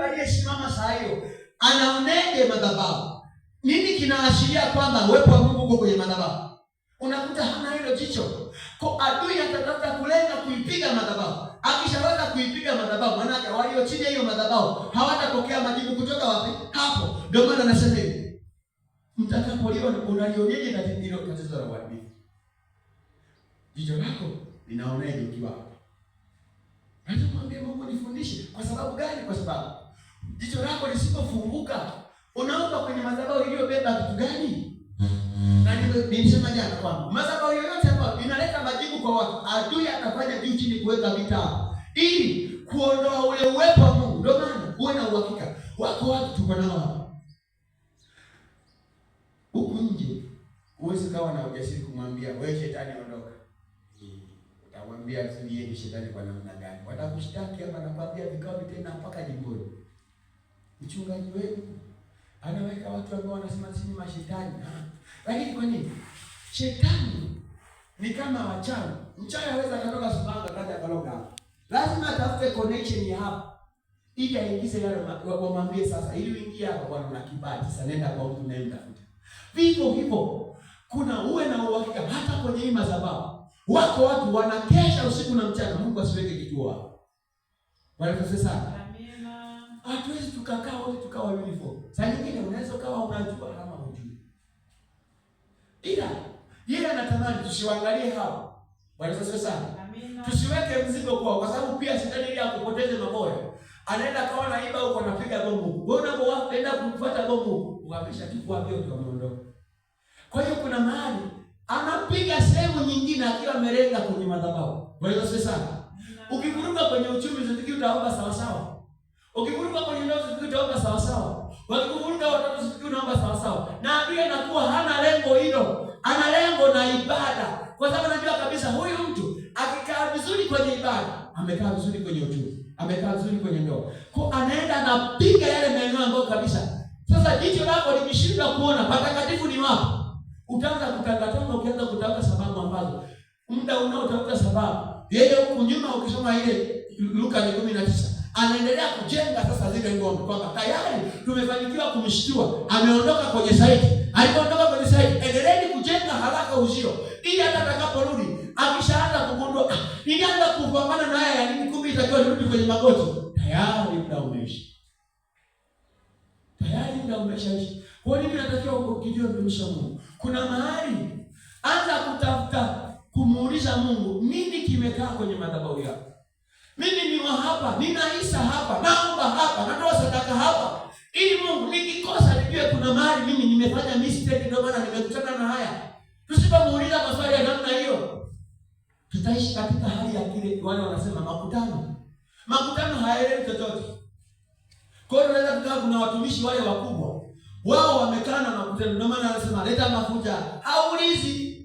aliyesimama saa hiyo anaonege madhabahu? Nini kinaashiria kwamba uwepo wa Mungu uko kwenye madhabahu? Unakuta hana hilo jicho, kwa adui atatafuta kulenga kuipiga madhabahu. Akishaweza kuipiga madhabahu, maanake walio chini ya hiyo madhabahu hawatapokea majibu kutoka wapi? Hapo ndio maana anasema hivi, mtakapoliona unalionyeje na hilo tatizo la uharibifu? Jicho lako linaonege ukiwa hapo? Naomba Mungu nifundishe. Kwa sababu gani? Kwa sababu jicho lako lisipofunguka, unaomba kwenye madhabahu iliyobeba kitu gani? Na nimesema jana kwamba madhabahu yoyote ambayo inaleta majibu kwa watu, adui atafanya juu chini kuweka vita ili kuondoa ule uwepo wa Mungu. Ndio maana uwe na uhakika wako watu tuko nao hapa huku nje, huwezi kawa na ujasiri kumwambia wewe, shetani ondoka. Utamwambia tu yeye ni shetani kwa namna gani, watakushtaki hapa, na kwambia vikao tena mpaka jimboni. Mchungaji wenu anaweka watu ambao wanasema sisi ni mashetani, ah. lakini kwa nini? Shetani ni kama wachawi. Mchawi anaweza akatoka Sumbawanga kaja akaloga hapa, lazima atafute connection ya hapa ili aingize yale wamwambie. Sasa ili uingie hapa, bwana, una kipaji sasa, nenda kwa mtu naye mtafuta. Vivyo hivyo, kuna uwe na uhakika hata kwenye hii madhabahu wako watu wanakesha usiku na mchana, Mungu asiweke kituo hapo. Bwana sasa hatuwezi tukakaa wote tukawa uniform. Saa nyingine unaweza ukawa unajua ama hujui, ila yeye anatamani tusiwaangalie hao. Bwana sasa sana, tusiweke mzigo kwao, kwa sababu pia shetani ili akupoteze maboya anaenda kawa naiba huko, anapiga bomu, wewe unapoenda kumfuata bomu ukapisha kifua hiyo, ndio ameondoka. Kwa hiyo kuna mahali anapiga sehemu nyingine akiwa amelenga kwenye madhabahu. Bwana Yesu sana, ukivuruga kwenye uchumi zote utaomba sawa sawa Ukivuruga kwenye ndoa usifikiri utaomba sawa sawa. Wakikuvuruga watoto usifikiri unaomba sawa sawa. Na adui anakuwa hana lengo hilo. Ana lengo na ibada. Kwa sababu anajua kabisa huyu mtu akikaa vizuri kwenye ibada, amekaa vizuri kwenye uchumi, amekaa vizuri kwenye ndoa. Kwa anaenda anapiga yale maeneo ambayo kabisa sasa jicho lako limeshindwa kuona patakatifu ni wapi. Utaanza kutangatanga, ukianza kutafuta sababu ambazo muda unaotafuta sababu yeye huko nyuma, ukisoma ile Luka 19 anaendelea kujenga sasa zile ngome, kwamba tayari tumefanikiwa kumshtua, ameondoka kwenye saiti. Alipoondoka kwenye saiti, endeleeni kujenga haraka uzio, ili hata atakaporudi akishaanza kugundua ah, nilianza kupambana na haya ya nini, kumbe itakiwa nirudi kwenye magoti, tayari muda umeisha, tayari muda umeshaisha. Kwa nini natakiwa ukijua mtumishi Mungu? Kuna mahali anza kutafuta kumuuliza Mungu nini kimekaa kwenye madhabahu yako hapa, ninaisa hapa, naomba hapa, natoa sadaka hapa, ili Mungu nikikosa nijue kuna mahali mimi nimefanya mistake, ndio maana nimekutana na haya. Tusipomuuliza maswali ya namna hiyo, tutaishi katika hali ya kile wale wanasema makutano. Makutano hayaelewi chochote. Kwa hiyo unaweza kukaa, kuna watumishi wale wakubwa, wao wamekana na makutano, ndio maana wanasema leta mafuta, haulizi